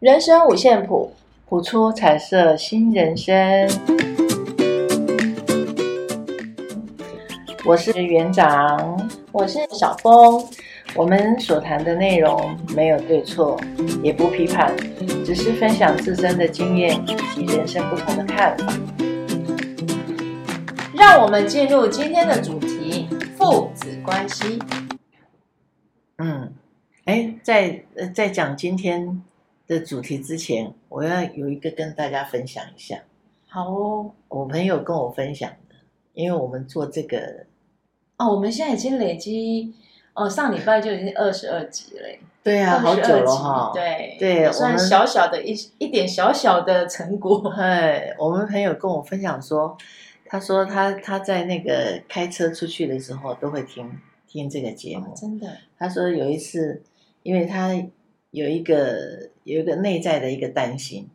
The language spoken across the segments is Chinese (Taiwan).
人生五線譜，譜出彩色新人生。我是園長，我是小峰。我們所談的內容沒有對錯，也不批判，只是分享自身的經驗以及人生不同的看法。讓我們進入今天的主題：父子關係。嗯，哎，在在講今天。的主題之前，我要有一個跟大家分享一下。好，哦，我朋友跟我分享的，因為我們做這個，哦，我們現在已經累積，哦，上禮拜就已經二十二集了。對啊，二十二集，好久了哈。對對，對，我們也算小小的一一點小小的成果。哎，我們朋友跟我分享說，他說他他在那個開車出去的時候都會聽聽這個節目。哦，真的，他說有一次，因為他。有一個有一個內在的一個擔心，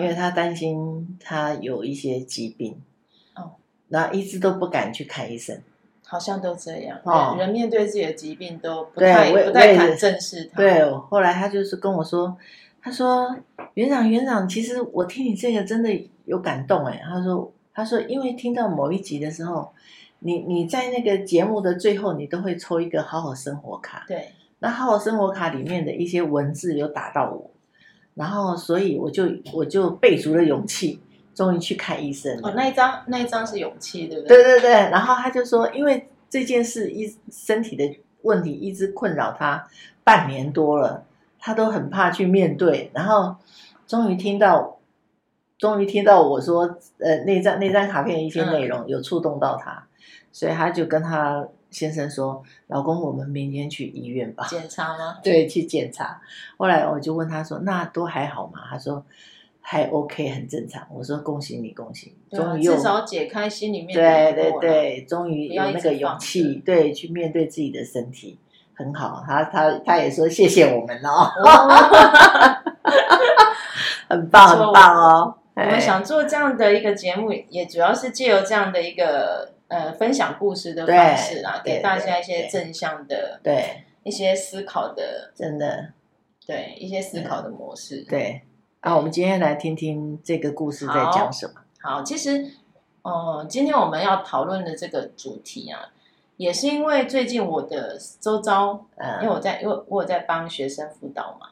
因為他擔心他有一些疾病，嗯、哦，然後一直都不敢去看醫生，好像都這樣。哦，人面對自己的疾病都不太、啊、不太敢正視他。對，後來他就是跟我說，他說，園長園長，其實我聽你這個真的有感動哎。他說他說因為聽到某一集的時候，你你在那個節目的最後，你都會抽一個好好生活卡，對。然後我生活卡裡面的一些文字有打到我，然後所以我就我就備足了勇氣，終於去看醫生。哦，那一張那一張是勇氣，對不對？對對對。然後他就說，因為這件事一身體的問題一直困擾他半年多了，他都很怕去面對，然後終於聽到，終於聽到我說，呃，那張那張卡片的一些內容有觸動到他，嗯、所以他就跟他。先生說：“老公，我們明天去醫院吧，檢查嗎？”對，去檢查。後來我就問他說：“那都還好嗎？”他說：“還 OK，很正常。”我說：“恭喜你，恭喜你，終於有、啊、至少解開心裡面對、啊、對，對對，終於有那個勇氣，對，去面對自己的身體，很好。他”他他他也說：“謝謝我們哦， 很棒，很棒哦。”我們想做這樣的一個節目，也主要是借由這樣的一個。呃，分享故事的方式啊，給大家一些正向的，對一些思考的，真的，對一些思考的模式，對。啊，我們今天來聽聽這個故事在講什麼。好，其實，哦，今天我們要討論的這個主題啊，也是因為最近我的周遭，因為我在，因為我有在幫學生輔導嘛，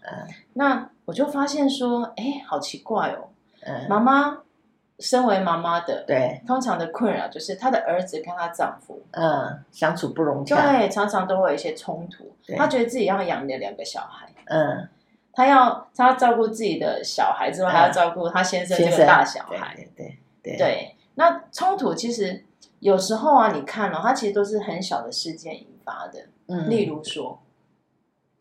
那我就發現說，哎，好奇怪哦，媽媽。身為媽媽的，對，通常的困擾就是她的兒子跟她丈夫，嗯，相處不容易，對，常常都會有一些衝突。她對覺得自己要養的兩個小孩，嗯，她要她要照顧自己的小孩之外，之後、嗯、還要照顧她先生這個大小孩，對對對,對,對。那衝突其實有時候啊，你看了、喔，它其實都是很小的事件引發的，嗯、例如說，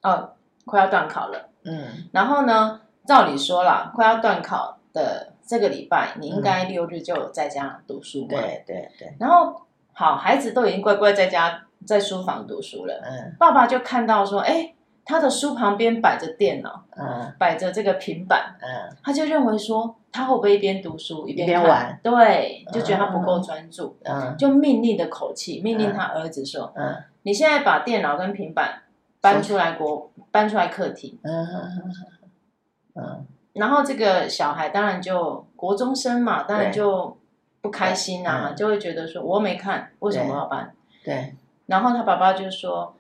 哦、啊，快要段考了，嗯，然後呢，照理說了，快要段考的。這個禮拜你應該六日就在家讀書嘛，對對對。然後好，孩子都已經乖乖在家在書房讀書了。嗯。爸爸就看到說，哎，他的書旁邊擺着電腦，嗯，擺着這個平板，嗯，他就認為說，他會不會一邊讀書一邊玩？對，就覺得他不夠專注，嗯，就命令的口氣命令他兒子說，嗯，你現在把電腦跟平板搬出來，過搬出來客廳，嗯嗯嗯嗯嗯。然後這個小孩當然就國中生嘛，當然就不開心啊，就會覺得說我又沒看，為什麼要搬？對。然後他爸爸就說：“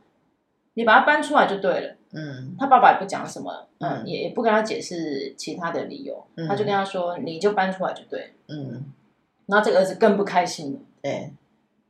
你把他搬出來就對了。”嗯。他爸爸也不講什麼，嗯，也也不跟他解釋其他的理由，他就跟他說：“你就搬出來就對。”嗯。然後這個兒子更不開心了，對。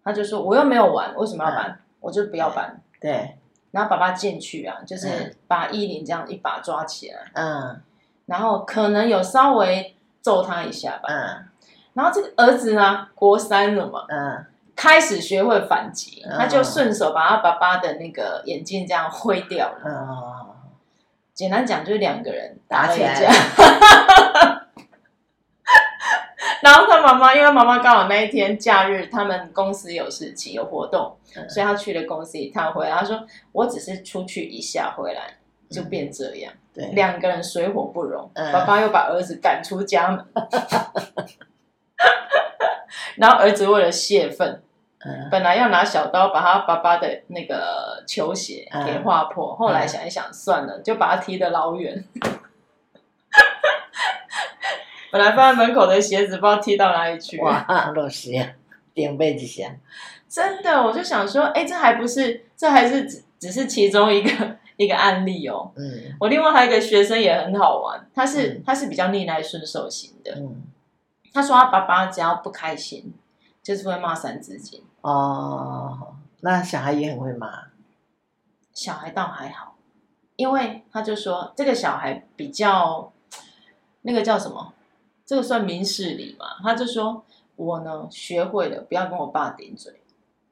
他就說：“我又沒有玩，為什麼要搬？我就不要搬。”對。然後爸爸進去啊，就是把衣領這樣一把抓起來，嗯。然後可能有稍微揍他一下吧。嗯。然後這個兒子呢，國三了嘛。嗯。開始學會反擊，嗯、他就順手把他爸爸的那個眼鏡這樣揮掉了。嗯嗯、簡單講，就是兩個人打了一架打起來。 然後他媽媽，因為媽媽剛好那一天假日，他們公司有事情有活動，嗯、所以他去了公司一趟回來，他說：“我只是出去一下，回來就變這樣。嗯”兩個人水火不容，嗯、爸爸又把兒子趕出家門，嗯、然後兒子為了洩憤，嗯、本來要拿小刀把他爸爸的那個球鞋給劃破，嗯、後來想一想、嗯、算了，就把他踢得老遠。嗯、本來放在門口的鞋子，不知道踢到哪裡去。哇，老師，頂被子鞋，真的，我就想說，哎，這還不是，這還是只只是其中一個。一個案例哦，嗯，我另外還有一個學生也很好玩，他是、嗯、他是比較逆來順受型的，嗯，他說他爸爸只要不開心，就是會罵三字經哦，嗯、那小孩也很會罵，小孩倒還好，因為他就說這個小孩比較那個叫什麼，這個算明事理嘛，他就說我呢學會了不要跟我爸頂嘴，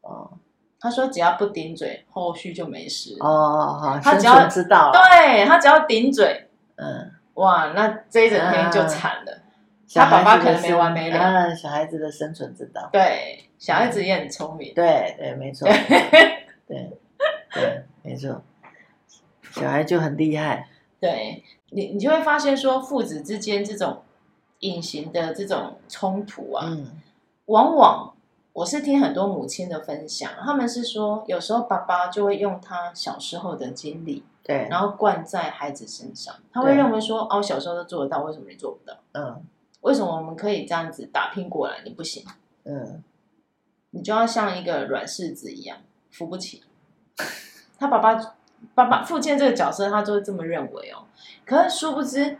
哦。他說：“只要不頂嘴，後續就沒事。”哦，好，他只要知道。對，他只要頂嘴，嗯，哇，那這一整天就慘了。嗯、小孩子他爸爸可能沒完沒了。嗯、小孩子的生存之道。對，小孩子也很聰明。嗯、對對，沒錯。對 對，對，沒錯。小孩就很厲害。對，你，你就會發現說，父子之間這種隱形的這種衝突啊，嗯、往往。我是聽很多母親的分享，他們是說，有時候爸爸就會用他小時候的經歷，對，然後灌在孩子身上。他會認為說，對哦，小時候都做得到，為什麼你做不到？嗯，為什麼我們可以這樣子打拼過來，你不行？嗯，你就要像一個軟柿子一樣扶不起。 他爸爸、爸爸、父親這個角色，他就會這麼認為哦。可是殊不知，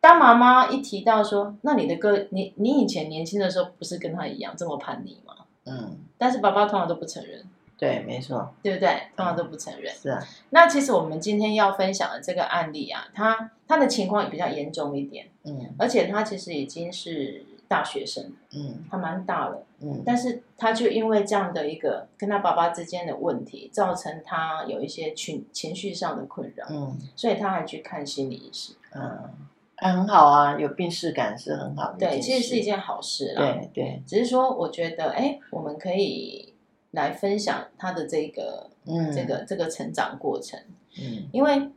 當媽媽一提到說，那你的哥，你你以前年輕的時候不是跟他一樣這麼叛逆嗎？嗯，但是爸爸通常都不承認，對，沒錯，對不對？通常都不承認，嗯、是啊。那其實我們今天要分享的這個案例啊，他他的情況也比較嚴重一點，嗯，而且他其實已經是大學生，嗯，他蠻大了，嗯，但是他就因為這樣的一個跟他爸爸之間的問題，造成他有一些情情緒上的困擾，嗯，所以他還去看心理醫師，嗯。哎，很好啊，有病識感是很好的。對，其實是一件好事啦對。對對。只是說，我覺得，哎，我們可以來分享他的這個，嗯，這個這個成長過程。嗯。因為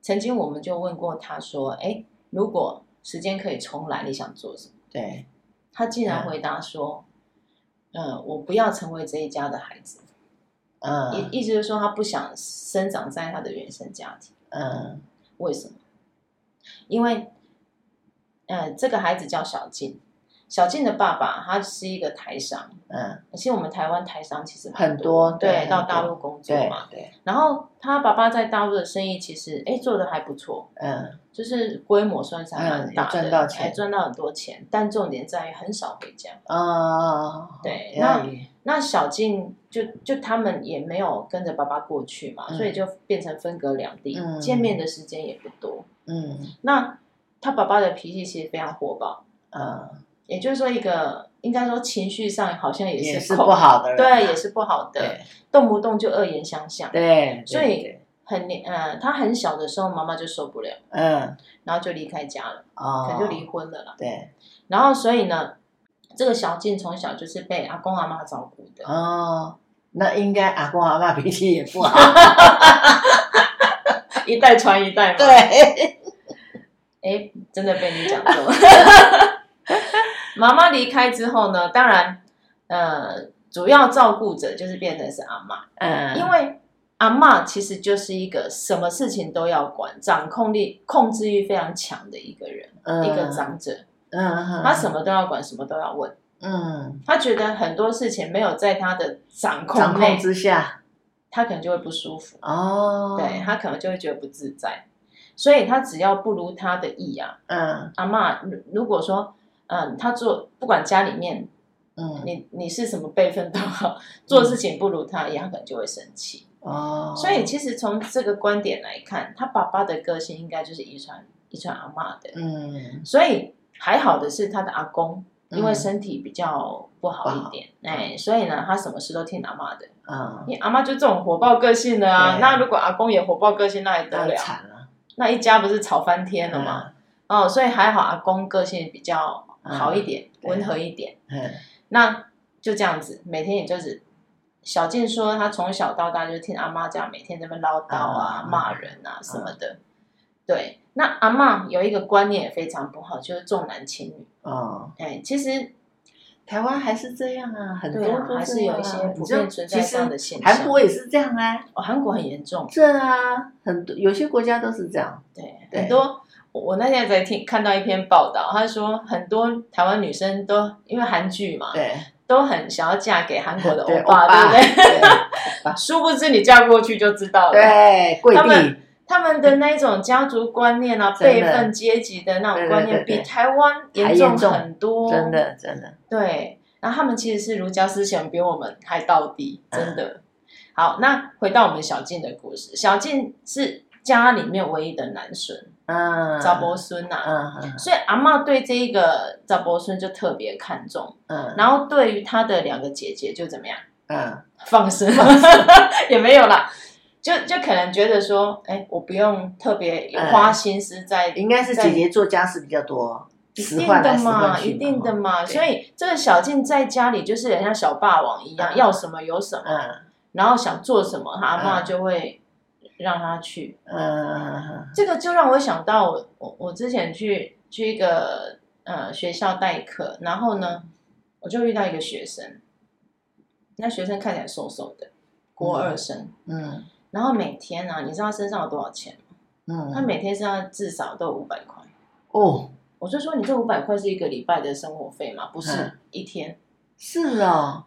曾經我們就問過他，說，哎，如果時間可以重來，你想做什麼？對。他竟然回答說：“嗯，嗯，我不要成為這一家的孩子。”嗯。意意思就是說，他不想生長在他的原生家庭。嗯。為什麼？因為，呃，這個孩子叫小靜，小靜的爸爸他是一個台商，嗯，其實我們台灣台商其實多很多，對，對到大陸工作嘛，對。對然後他爸爸在大陸的生意其實哎、欸、做的還不錯，嗯，就是規模算是很大，嗯，賺到錢，賺到很多錢。但重點在於很少回家。啊、哦，對。那那小靜就就他們也沒有跟着爸爸過去嘛，所以就變成分隔兩地，嗯、見面的時間也不多。嗯，那他爸爸的脾氣其實非常火爆，嗯，也就是說，一個應該說情緒上好像也是，也是不好的人，啊、對，也是不好的，對動不動就惡言相向，對，對對所以很，嗯、呃，他很小的時候媽媽就受不了，嗯，然後就離開家了，哦，可能就離婚了啦，對，然後所以呢，這個小靜從小就是被阿公阿媽照顧的，哦，那應該阿公阿媽脾氣也不好。 一代傳一代嘛。對。哎、欸，真的被你講中。媽媽離開之後呢？當然，呃，主要照顧者就是變成是阿嬤。嗯。因為阿嬤其實就是一個什麼事情都要管，掌控力、控制欲非常強的一個人，嗯、一個長者。嗯。他什麼都要管，什麼都要問。嗯。他覺得很多事情沒有在他的掌控掌控之下。他可能就會不舒服哦，對，他可能就會覺得不自在，所以他只要不如他的意啊，嗯，阿媽如果說，嗯，他做，不管家裡面，嗯，你你是什麼輩分都好，做事情不如他一樣，嗯、他可能就會生氣哦。所以其實從這個觀點來看，他爸爸的個性應該就是遺傳遺傳阿媽的，嗯，所以還好的是他的阿公，因為身體比較不好一點，哎，所以呢，他什麼事都聽阿媽的。啊，你阿媽就這種火爆個性的啊，那如果阿公也火爆個性，那還得了，那一家不是吵翻天了嗎？哦，所以還好阿公個性比較好一點，溫和一點。嗯，那就這樣子，每天也就是小靜說，他從小到大就聽阿媽這樣，每天這麼嘮叨啊、罵人啊什麼的。對，那阿媽有一個觀念也非常不好，就是重男輕女。哦，哎，其實台灣還是這樣啊，很多還是有一些普遍存在這樣的現象。韓國也是這樣啊，韓國很嚴重。是啊，很多有些國家都是這樣。對，很多我那天在聽看到一篇報道，他說很多台灣女生都因為韓劇嘛，對，都很想要嫁給韓國的歐巴，對不對？殊不知你嫁過去就知道了。對，他們。他們的那種家族觀念啊，輩分階級的那種觀念，比台灣嚴重很多。真的，真的。對，然後他們其實是儒家思想比我們還到底，真的。好，那回到我們小靜的故事，小靜是家裡面唯一的男孫，嗯，早伯孫吶，所以阿嬤對這一個早伯孫就特別看重，嗯，然後對於他的兩個姐姐就怎麼樣？嗯，放生也沒有啦。就就可能覺得說，哎、欸，我不用特別花心思在，嗯，應該是姐姐做家事比較多，一定的嘛，一定的嘛。所以這個小靜在家裡就是像小霸王一樣，嗯，要什麼有什麼，嗯，然後想做什麼，他阿媽就會讓他去。嗯，嗯，這個就讓我想到我我我之前去去一個呃學校代課，然後呢，我就遇到一個學生，那學生看起來瘦瘦的，國二生，嗯。嗯然後每天呢、啊，你知道他身上有多少錢嗎？嗯，他每天身上至少都有五百塊。哦，我就說，你這五百塊是一個禮拜的生活費嗎？不是一天。嗯、是啊，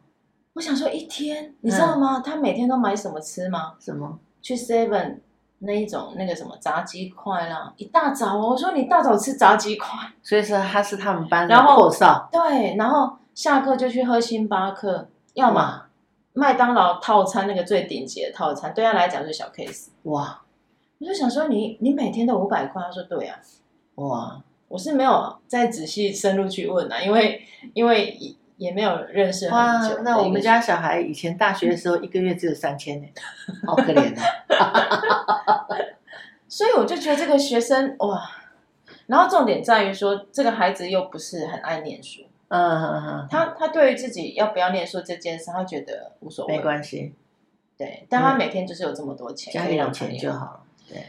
我想說一天。嗯、你知道嗎？他每天都買什麼吃嗎？什麼？去 seven 那一種那個什麼炸雞塊啦。一大早。哦，我說你大早吃炸雞塊。所以說他是他們班的然後我上對，然後下課就去喝星巴克，要麼。嗯麥當勞套餐，那個最頂級的套餐，對他來講就是小 case。哇！我就想說你，你你每天都五百塊，他說對啊。哇！我是沒有再仔細深入去問啊，因為因為也沒有認識很久。哇！那我們家小孩以前大學的時候一個月只有三千呢，好可憐啊。 所以我就覺得這個學生哇，然後重點在於說這個孩子又不是很愛念書。嗯，嗯嗯，他他對於自己要不要念書這件事，他覺得無所謂，沒關係。對，但他每天就是有這麼多錢，家裡有錢就好。就好對，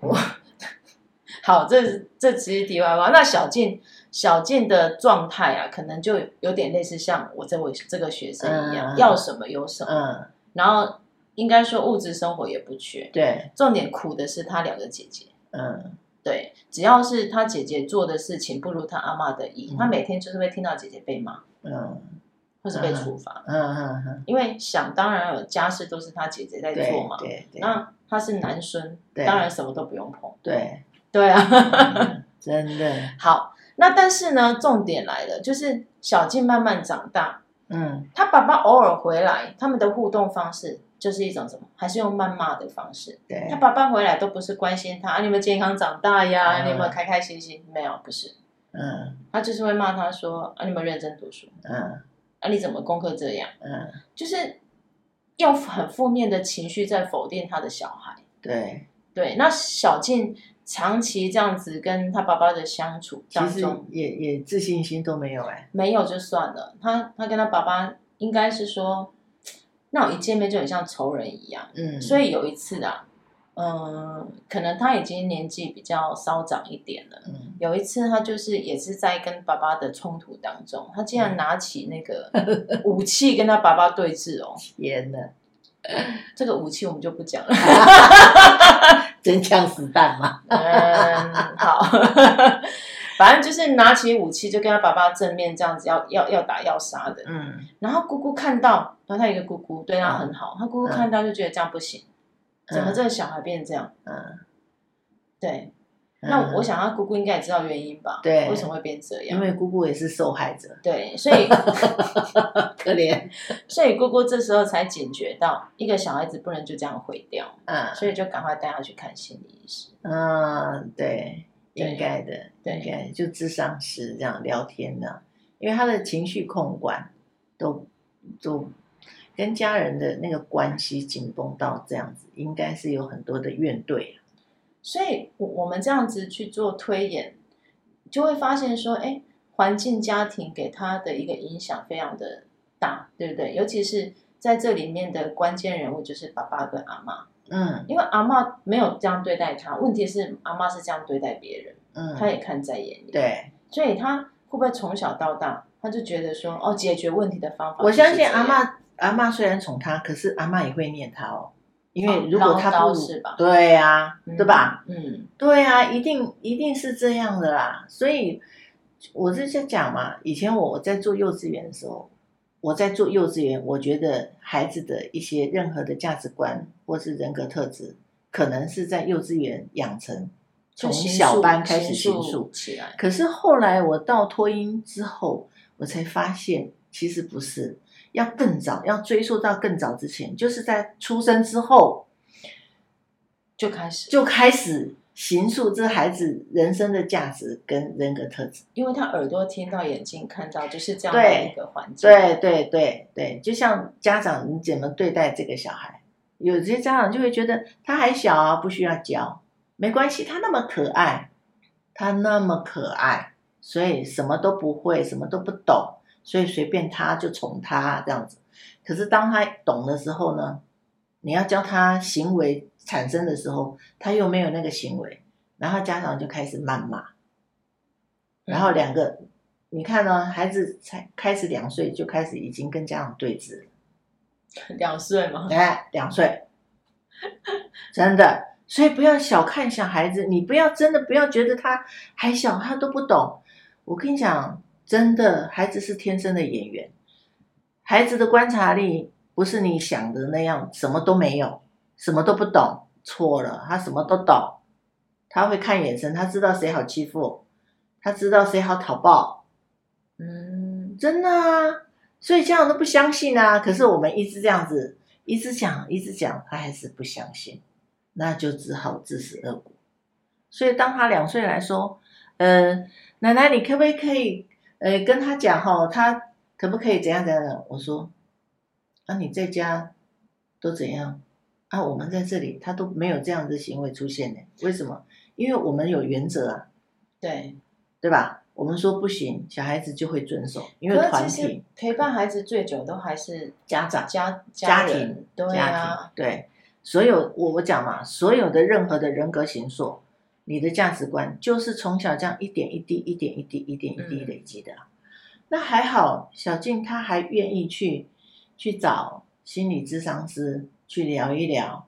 我 好，這對這其實題外話。那小靜，小靜的狀態啊，可能就有點類似像我這位這個學生一樣，嗯、要什麼有什麼。嗯。然後應該說物質生活也不缺，對。重點苦的是他兩個姐姐。嗯。對，只要是他姐姐做的事情不如他阿嬤的意，嗯、他每天就是會聽到姐姐被罵，嗯，或是被處罰，嗯嗯嗯，因為想當然有家事都是他姐姐在做嘛，對，對那他是男孫，對當然什麼都不用碰，對對，對，對啊，嗯、真的 好。那但是呢，重點來了，就是小靜慢慢長大，嗯，他爸爸偶爾回來，他們的互動方式。就是一種什麼，還是用謾罵的方式。對，他爸爸回來都不是關心他，啊、你們健康長大呀？啊、你們開開心心？沒有，不是。嗯，他就是會罵他說啊，你們認真讀書？嗯，啊，你怎麼功課這樣？嗯，就是用很負面的情緒在否定他的小孩。對對，那小靜長期這樣子跟他爸爸的相處當中，其實也也自信心都沒有哎、欸。沒有就算了，他他跟他爸爸應該是說。那我一見面就很像仇人一樣，嗯，所以有一次啊，嗯，可能他已經年紀比較稍長一點了，嗯，有一次他就是也是在跟爸爸的衝突當中，他竟然拿起那個武器跟他爸爸對峙哦，天哪，這個武器我們就不講了， 真槍實彈嘛， 嗯，好。 反正就是拿起武器，就跟他爸爸正面這樣子，要要要打要殺的。嗯，然後姑姑看到，然後他一個姑姑對他很好，他姑姑看到就覺得這樣不行，怎麼這個小孩變成這樣？嗯，對。那我想他姑姑應該也知道原因吧？對，為什麼會變這樣？因為姑姑也是受害者。對，所以可憐，所以姑姑這時候才警覺到一個小孩子不能就這樣毀掉。嗯，所以就趕快帶他去看心理醫生。嗯，對。應該的，應該就智商是這樣聊天呢、啊，因為他的情緒控管都都跟家人的那個關係緊繃到這樣子，應該是有很多的怨懟、啊，所以我我們這樣子去做推演，就會發現說，哎，環境家庭給他的一個影響非常的大，對不對？尤其是在這裡面的關鍵人物就是爸爸跟阿媽。嗯，因為阿媽沒有這樣對待他，問題是阿媽是這樣對待別人，嗯，他也看在眼裡，對，所以他會不會從小到大，他就覺得說，哦，解決問題的方法，我相信阿媽，阿媽雖然寵他，可是阿媽也會念他哦，因為如果他不，對呀，對吧？嗯，對呀、啊，一定一定是這樣的啦，所以我是在在講嘛，以前我在做幼稚園的時候。我在做幼稚園，我覺得孩子的一些任何的價值觀或是人格特質，可能是在幼稚園養成，從小班開始循序起來。可是後來我到託嬰之後，我才發現其實不是，要更早，嗯、要追溯到更早之前，就是在出生之後就開始就開始。就開始形塑這孩子人生的價值跟人格特質，因為他耳朵聽到、眼睛看到，就是這樣的一個環境。對對對對對，就像家長你怎麼對待這個小孩，有些家長就會覺得他還小啊，不需要教，沒關係，他那麼可愛，他那麼可愛，所以什麼都不會，什麼都不懂，所以隨便他就寵他這樣子。可是當他懂的時候呢，你要教他行為。產生的時候，他又沒有那個行為，然後家長就開始謾罵，嗯、然後兩個，你看呢、哦？孩子才開始兩歲就開始已經跟家長對峙了，兩歲嗎？哎，兩歲，真的，所以不要小看小孩子，你不要真的不要覺得他還小，他都不懂。我跟你講，真的，孩子是天生的演員，孩子的觀察力不是你想的那樣，什麼都沒有。什麼都不懂，錯了。他什麼都懂，他會看眼神，他知道誰好欺負，他知道誰好討抱。嗯，真的啊。所以家長都不相信啊。可是我們一直這樣子，一直講，一直講，他還是不相信。那就只好自食惡果。所以當他兩歲來說，嗯、呃，奶奶，你可不可以，呃，跟他講吼、哦，他可不可以怎樣怎樣的？我說，啊，你在家都怎樣？啊，我們在這裡，他都沒有這樣的行為出現呢？為什麼？因為我們有原則啊，對，對吧？我們說不行，小孩子就會遵守，因為團體陪伴孩子最久都還是家長、家、家庭、家庭，對對。所有我我講嘛，所有的任何的人格形塑，你的價值觀就是從小這樣一點一滴、一點一滴、一點一滴累積的。嗯、那還好，小靜她還願意去去找心理諮商師。去聊一聊，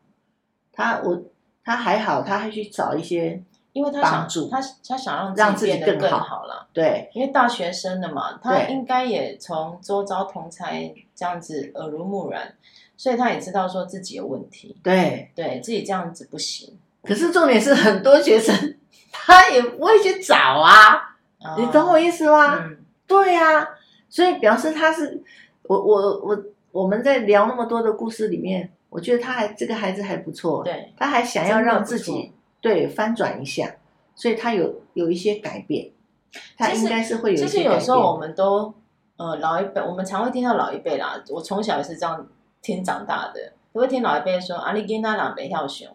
他我他還好，他還去找一些幫助，因為他想他，他想讓自己變得更好了。對，因為大學生的嘛，他應該也從周遭同儕這樣子耳濡目染，對所以他也知道說自己有問題。對，對自己這樣子不行。可是重點是，很多學生他也不會去找啊，啊你懂我意思嗎？嗯、對呀、啊，所以表示他是我我我我們在聊那麼多的故事裡面。我覺得他還這個孩子還不錯，對，他還想要讓自己對翻轉一下，所以他有有一些改變，實他應該是會有一些改變。其實有時候我們都，呃，老一輩，我們常會聽到老一輩啦，我從小也是這樣聽長大的，我會聽老一輩說、嗯、啊，你囡他懶倍跳熊。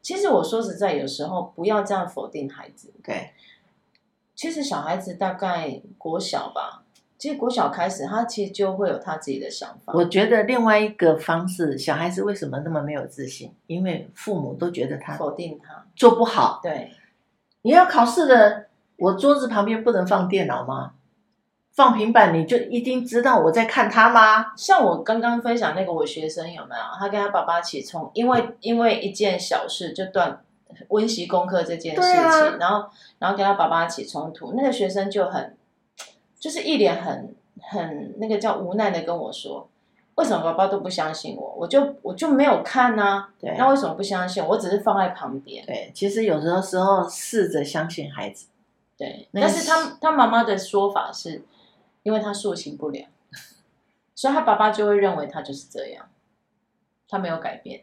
其實我說實在，有時候不要這樣否定孩子。對，其實小孩子大概國小吧。其實國小開始，他其實就會有他自己的想法。我覺得另外一個方式，小孩子為什麼那麼沒有自信？因為父母都覺得他否定他做不好。對，你要考試的，我桌子旁邊不能放電腦嗎？放平板你就一定知道我在看他嗎？像我剛剛分享那個我學生有沒有？他跟他爸爸起衝突，因為因為一件小事就斷溫習功課這件事情，啊、然後然後跟他爸爸起衝突，那個學生就很。就是一臉很很那個叫無奈的跟我說，為什麼爸爸都不相信我？我就我就沒有看呢、啊。對、啊，那為什麼不相信我？我只是放在旁邊。對，其實有的時候試着相信孩子。對，是但是他他媽媽的說法是，因為他素行不良， 所以他爸爸就會認為他就是這樣，他沒有改變。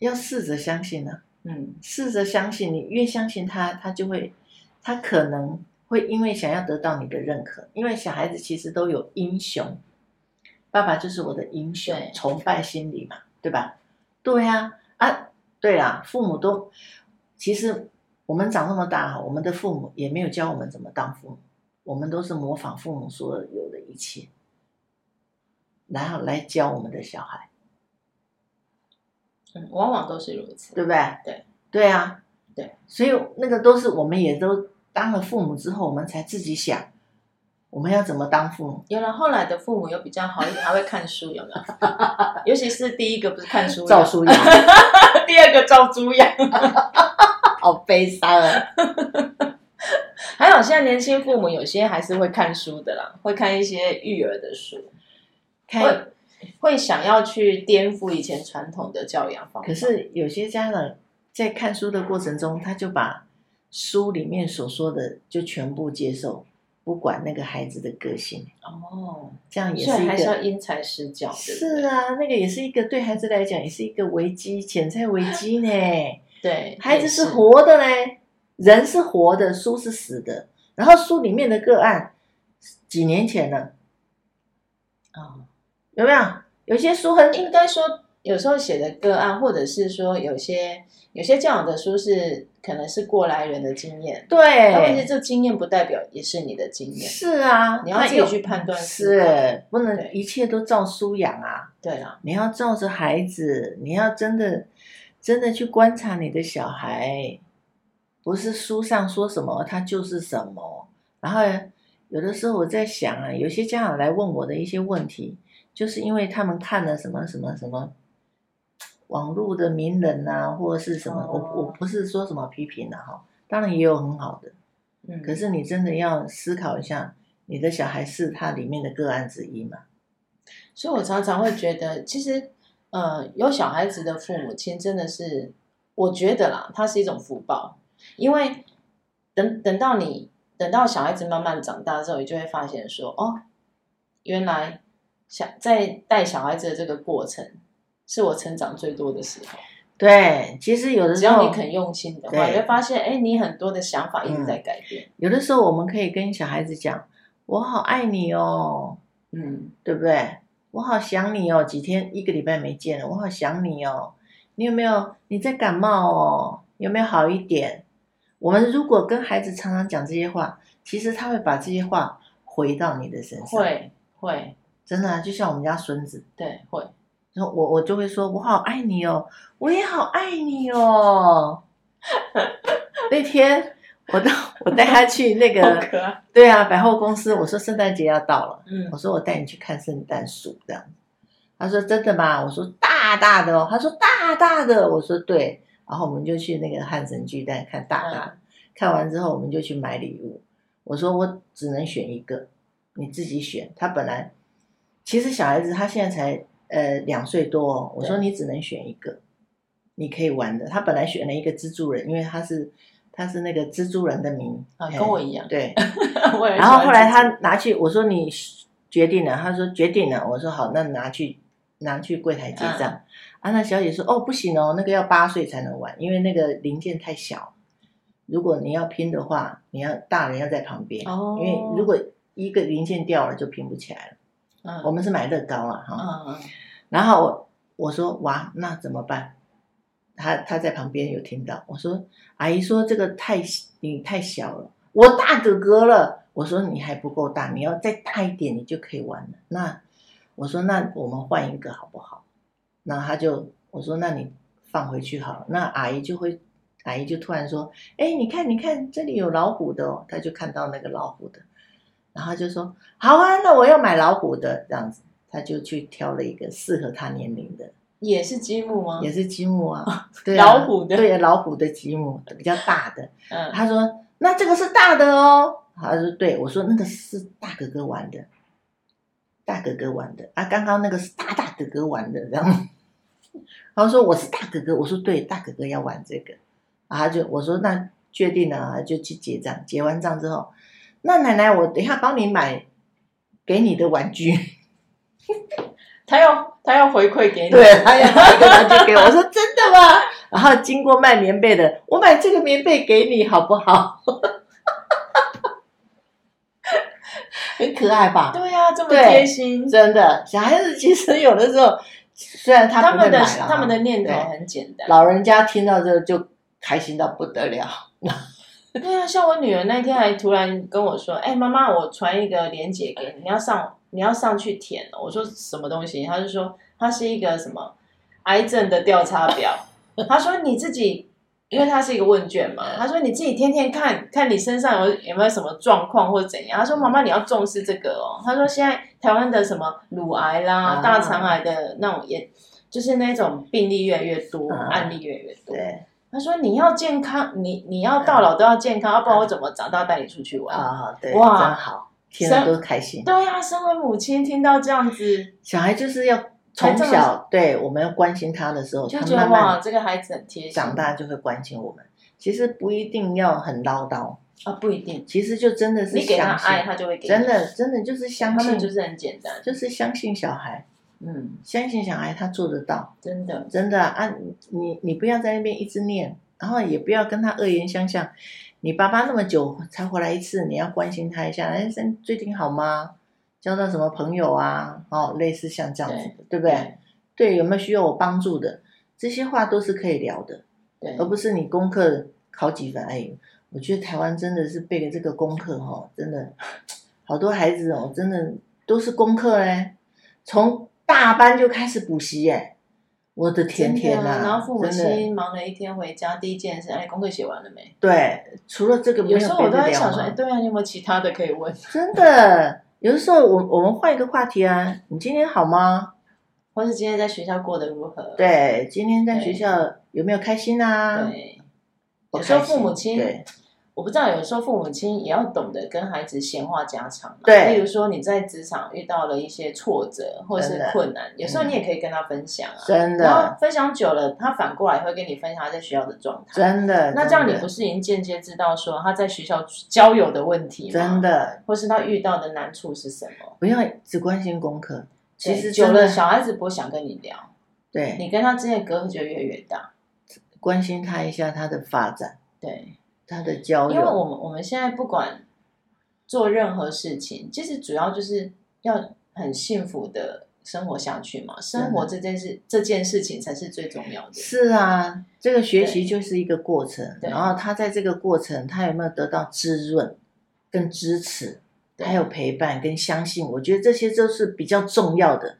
要試着相信呢、啊。嗯，試着相信，你越相信他，他就會，他可能。會因為想要得到你的認可，因為小孩子其實都有英雄，爸爸就是我的英雄，對崇拜心理嘛，對吧？對啊，啊，對啊，父母都，其實我們長那麼大，我們的父母也沒有教我們怎麼當父母，我們都是模仿父母所有的一切，然後來教我們的小孩，嗯，往往都是如此，對不對？對，對啊，對，所以那個都是我們也都。當了父母之後，我們才自己想我們要怎麼當父母。原來後來的父母，有比較好一點，還會看書，有沒有？ 尤其是第一個不是看書，照書養， 第二個照豬養， 好悲傷啊！ 還有現在年輕父母有些還是會看書的啦，會看一些育兒的書，會看會想要去顛覆以前傳統的教養方式。可是有些家長在看書的過程中，他就把。書裡面所說的就全部接受，不管那個孩子的個性哦，這樣也是還是要因材施教的。是啊，那個也是一個對孩子來講也是一個危機，潛在危機呢。對，孩子是活的嘞，人是活的，書是死的。然後書裡面的個案，幾年前了哦，有沒有？有些書很應該說。有時候寫的個案、啊，或者是說有些有些教養的書是可能是過來人的經驗，對，但是這經驗不代表也是你的經驗。是啊，你要自己去判斷，是對不能一切都照書養啊，對啊，你要照着孩子，你要真的真的去觀察你的小孩，不是書上說什麼他就是什麼，然後有的時候我在想啊，有些家長來問我的一些問題，就是因為他們看了什麼什麼什麼。網絡的名人啊，或者是什麼，我我不是說什麼批評了哈，當然也有很好的，嗯，可是你真的要思考一下，你的小孩是他裡面的個案之一嘛？所以我常常會覺得，其實，呃，有小孩子的父母親真的是，我覺得啦，它是一種福報，因為等等到你等到小孩子慢慢長大之後，你就會發現說，哦，原來小在帶小孩子的這個過程。是我成長最多的時候。對，其實有的時候，只要你肯用心的話，你，對，會發現，哎，你很多的想法一直在改變。嗯，有的時候，我們可以跟小孩子講：“我好愛你哦，嗯，對不對？我好想你哦，幾天一個禮拜沒見了，我好想你哦。你有沒有？你在感冒哦？有沒有好一點？我們如果跟孩子常常講這些話，其實他會把這些話回到你的身上。會會，真的啊，就像我們家孫子，對，會。然後我我就會說，我好愛你哦，我也好愛你哦。 那天我到，我帶他去那個，對啊，百貨公司。我說聖誕節要到了，嗯、我說我帶你去看聖誕樹，這樣。他說真的嗎？我說大大的哦。他說大大的。我說對。然後我們就去那個漢神巨蛋看大大的，嗯、看完之後我們就去買禮物。我說我只能選一個，你自己選。他本來其實小孩子，他現在才。呃，兩歲多，我說你只能選一個，對你可以玩的。他本來選了一個蜘蛛人，因為他是他是那個蜘蛛人的名，啊、跟我一樣。嗯、對， 我也，然後後來他拿去，我說你決定了，他說決定了。我說好，那拿去拿去櫃台結賬。啊，啊，那小姐說哦不行哦，那個要八歲才能玩，因為那個零件太小，如果你要拼的話，你要大人要在旁邊，哦、因為如果一個零件掉了就拼不起來了。 我們是買樂高啊，哈，然後我我說哇，那怎麼辦？他他在旁邊有聽到，我說阿姨說這個太你太小了，我大哥哥了。我說你還不夠大，你要再大一點，你就可以玩了。那我說那我們換一個好不好？然後他就我說那你放回去好了，那阿姨就會阿姨就突然說、欸，哎你看你看這裡有老虎的哦、喔，他就看到那個老虎的。然後就說好啊，那我要買老虎的這樣子。他就去挑了一個適合他年齡的。也是積木嗎？也是積木啊，哦、對啊，老虎的。對、啊，老虎的積木比較大的。嗯，他說：“那這個是大的哦。”他說：“對，我說那個是大哥哥玩的，大哥哥玩的啊。”剛剛那個是大大哥哥玩的，然後，然後說我是大哥哥，我說對，大哥哥要玩這個，然後他就我說那確定了，就去結賬，結完賬之後，那奶奶，我等一下幫你買，給你的玩具。他要回饋給你 他要回饋給你，對，他要買一個玩具給我。我說真的嗎？然後經過賣棉被的，我買這個棉被給你，好不好？ 很可愛吧？對呀，這麼貼心。真的，小孩子其實有的時候，雖然他們他們的念頭很簡單。老人家聽到這就開心到不得了。嗯、對啊，像我女兒那天還突然跟我說：“哎、欸，媽媽，我傳一個鏈接給你，你要上，你要上去填、喔。”我說什麼東西？她就說：“它是一個什麼癌症的調查表。” 她說：“你自己，因為它是一個問卷嘛。”她說：“你自己天天看看你身上有有沒有什麼狀況或者怎樣。”她說：“媽媽，你要重視這個哦、喔。”她說：“現在台灣的什麼乳癌啦、大腸癌的那種也，就是那種病例越來越多，案例越來越，越多。”嗯，對。他說：“你要健康，你你要到老都要健康，要不然我怎麼長大帶你出去玩？嗯哦、對，哇，真好，聽得都開心。生對呀、啊，身為母親聽到這樣子，小孩就是要從小對我們要關心他的時候，就覺得哇，這個孩子很貼心，慢慢長大就會關心我們。其實不一定要很嘮叨啊，不一定。其實就真的是你給他愛，他就會給你真的真的就是相信，就是很簡單，就是相信小孩。”嗯，相信小孩他做得到，真的，真的啊！你你不要在那邊一直念，然後也不要跟他惡言相向。你爸爸那麼久才回來一次，你要關心他一下，哎、欸，最近好嗎？交到什麼朋友啊？哦，類似像這樣子，對，對不對？對，有沒有需要我幫助的？這些話都是可以聊的，對，而不是你功課考幾分？哎，我覺得台灣真的是背了這個功課哦，真的好多孩子哦，真的都是功課咧。從。大班就開始補習耶！我的天哪、啊啊！然後父母親忙了一天回家，的第一件事，哎，功課寫完了沒？對，除了這個沒有了，有時候我都在想說，哎，對啊，你有沒有其他的可以問？真的，有的時候我我們換一個話題啊，我你今天好嗎？或是今天在學校過得如何？對，今天在學校有沒有開心啊？有時候對父母親。對我不知道，有時候父母親也要懂得跟孩子閒話家常嘛。對，例如說你在職場遇到了一些挫折或是困難，的有時候你也可以跟他分享啊。嗯、真的。然後分享久了，他反過來會跟你分享他在學校的狀態。真的。那這樣你不是已經間接知道說他在學校交友的問題嗎？真的。或是他遇到的難處是什麼？不要只關心功課，對其實久了小孩子不想跟你聊。對。你跟他之間的隔閡就越越大。關心他一下他的發展。對。他的焦慮，因為我們我們現在不管做任何事情，其實主要就是要很幸福的生活下去嘛。生活這件事，嗯、這件事情才是最重要的。是啊，這個學習就是一個過程，對然後他在這個過程，他有沒有得到滋潤、跟支持，對還有陪伴跟相信，我覺得這些都是比較重要的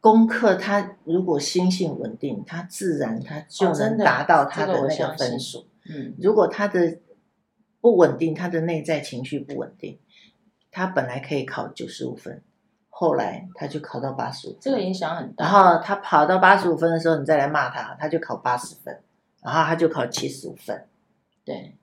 功課。他如果心性穩定，他自然他就能達到他的、哦、真的、那個分數。嗯，如果他的不穩定，他的內在情緒不穩定，他本來可以考九十五分，後來他就考到八十五。這個影響很大。然後他跑到八十五分的時候，你再來罵他，他就考八十分，然後他就考七十五分。對，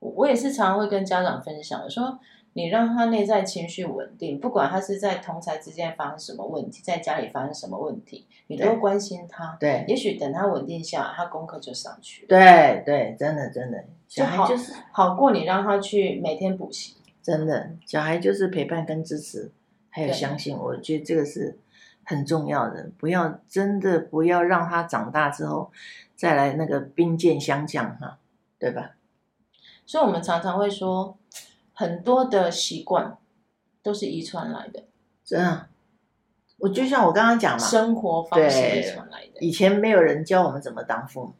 我也是常常會跟家長分享的說。你讓他內在情緒穩定，不管他是在同儕之間發生什麼問題，在家裡發生什麼問題，你都關心他。對，也許等他穩定下來，他功課就上去了。對對，真的真的，小孩就是就好，好過你讓他去每天補習。真的，小孩就是陪伴跟支持，還有相信，對我覺得這個是很重要的。不要真的不要讓他長大之後再來那個兵戎相向啊。哈，對吧？所以我們常常會說。很多的習慣都是遺傳來的，真的。我就像我剛剛講嘛，生活方式遺傳來的。以前沒有人教我們怎麼當父母，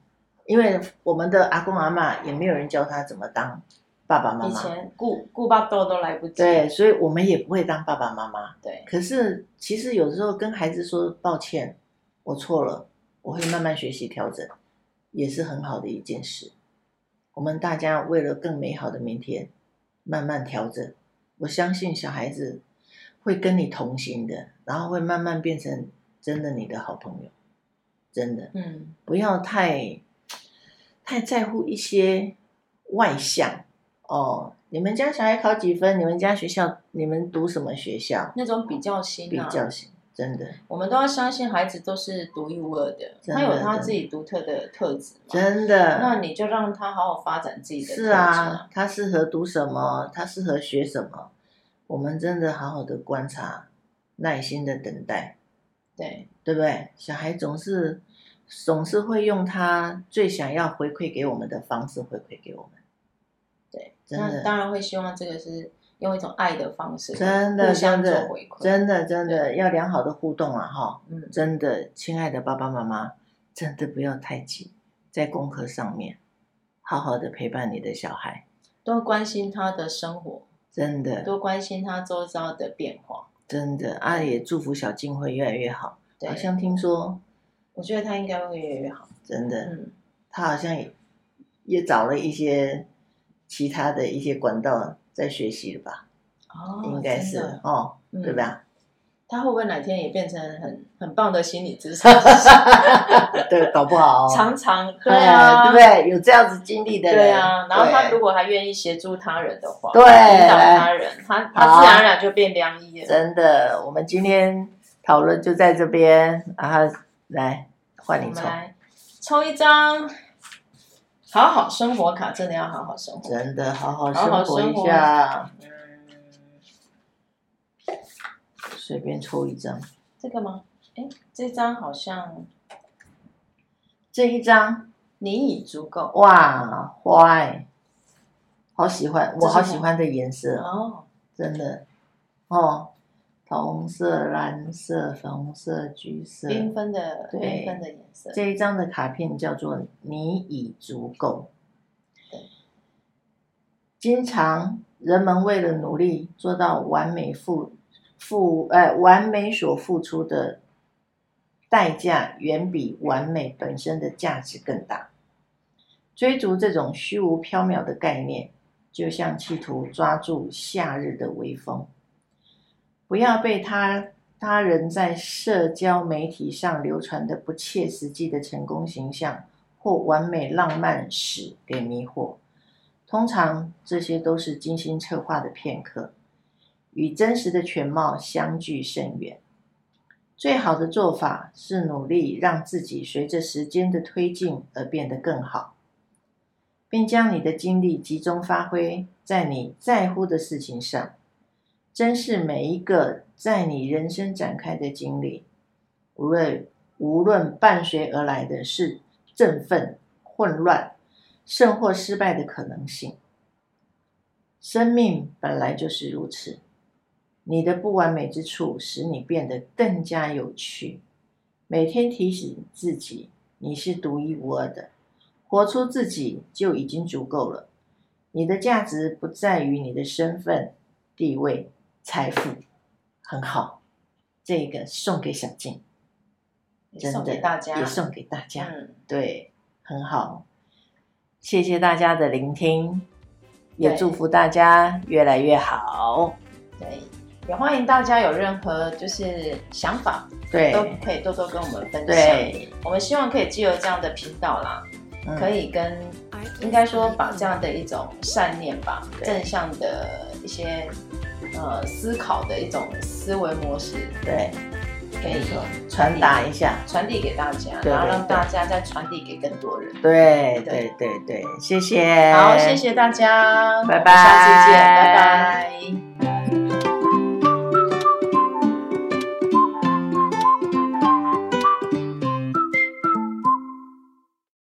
因為我們的阿公阿嬤也沒有人教他怎麼當爸爸媽媽。以前顧顧巴肚都來不及。對，所以我們也不會當爸爸媽媽。對。可是其實有時候跟孩子說抱歉，我錯了，我會慢慢學習調整，也是很好的一件事。我們大家為了更美好的明天。慢慢調整，我相信小孩子會跟你同行的，然後會慢慢變成真的你的好朋友，真的，嗯，不要太太在乎一些外向哦。你們家小孩考幾分？你們家學校？你們讀什麼學校？那種比較新啊，比較新。真的，我們都要相信孩子都是獨一無二的，真的，他有他自己獨特的特質。真的，那你就讓他好好發展自己的特質啊。是啊，他適合讀什麼，嗯、他適合學什麼，我們真的好好的觀察，耐心的等待。對，對不對？小孩總是總是會用他最想要回饋給我們的方式回饋給我們。真的對，那當然會希望這個是。用一種愛的方式的，真的，真的，真的，真的對要良好的互動啊！哈、嗯，真的，親愛的爸爸媽媽，真的不要太急，在功課上面，好好的陪伴你的小孩，多關心他的生活，真的，多關心他周遭的變化，真的。阿、啊、也祝福小靜會越來越好。對好像聽說我，我覺得他應該會越來越好。真的，嗯、他好像也，也找了一些其他的一些管道。在學習了吧？哦，應該是哦，對不對？他會不會哪天也變成很很棒的心理諮商？對，搞不好。常常，對啊，對不對？有這樣子經歷的人，對啊。然後他如果還願意協助他人的話，對，引導他人，他他自然而然就變良醫了。真的，我們今天討論就在這邊，然後來換你抽，抽一張。好好生活卡，真的要好好生活。真的，好好生活一下。好好生活，嗯，隨便抽一張。這個嗎？哎，這張好像，這一張，你已足夠。哇，花，好喜歡，是我好喜歡的顏色。哦，真的，哦。紅色、藍色、粉紅色、橘色，繽紛的，繽紛的顏色。這一張的卡片叫做“你已足夠”。對。經常人們為了努力做到完美，付付，呃，完美所付出的代價，遠比完美本身的價值更大。追逐這種虛無縹緲的概念，就像企圖抓住夏日的微風。不要被他他人在社交媒體上流傳的不切實際的成功形象或完美浪漫史給迷惑。通常這些都是精心策劃的片刻，與真實的全貌相距甚遠。最好的做法是努力讓自己隨着時間的推進而變得更好，並將你的精力集中發揮在你在乎的事情上。珍視每一個在你人生展開的經歷，無論無論伴隨而來的是振奮、混亂，甚或失敗的可能性。生命本來就是如此。你的不完美之處使你變得更加有趣。每天提醒自己，你是獨一無二的，活出自己就已經足夠了。你的價值不在於你的身份地位。財富很好，這個送給小靜，送給大家，也送給大家。大家嗯、對，很好，謝謝大家的聆聽，對也祝福大家越來越好。對，也歡迎大家有任何就是想法，對，都可以多多跟我們分享。對我們希望可以藉由這樣的頻道啦，嗯、可以跟，應該說把這樣的一種善念吧，對正向的一些。呃，思考的一種思維模式，對，可以傳達一下，傳遞給大家，對對對對，然後讓大家再傳遞給更多人。對，對，對，對，對，對，對，謝謝。好，謝謝大家，拜拜，下次見，拜拜。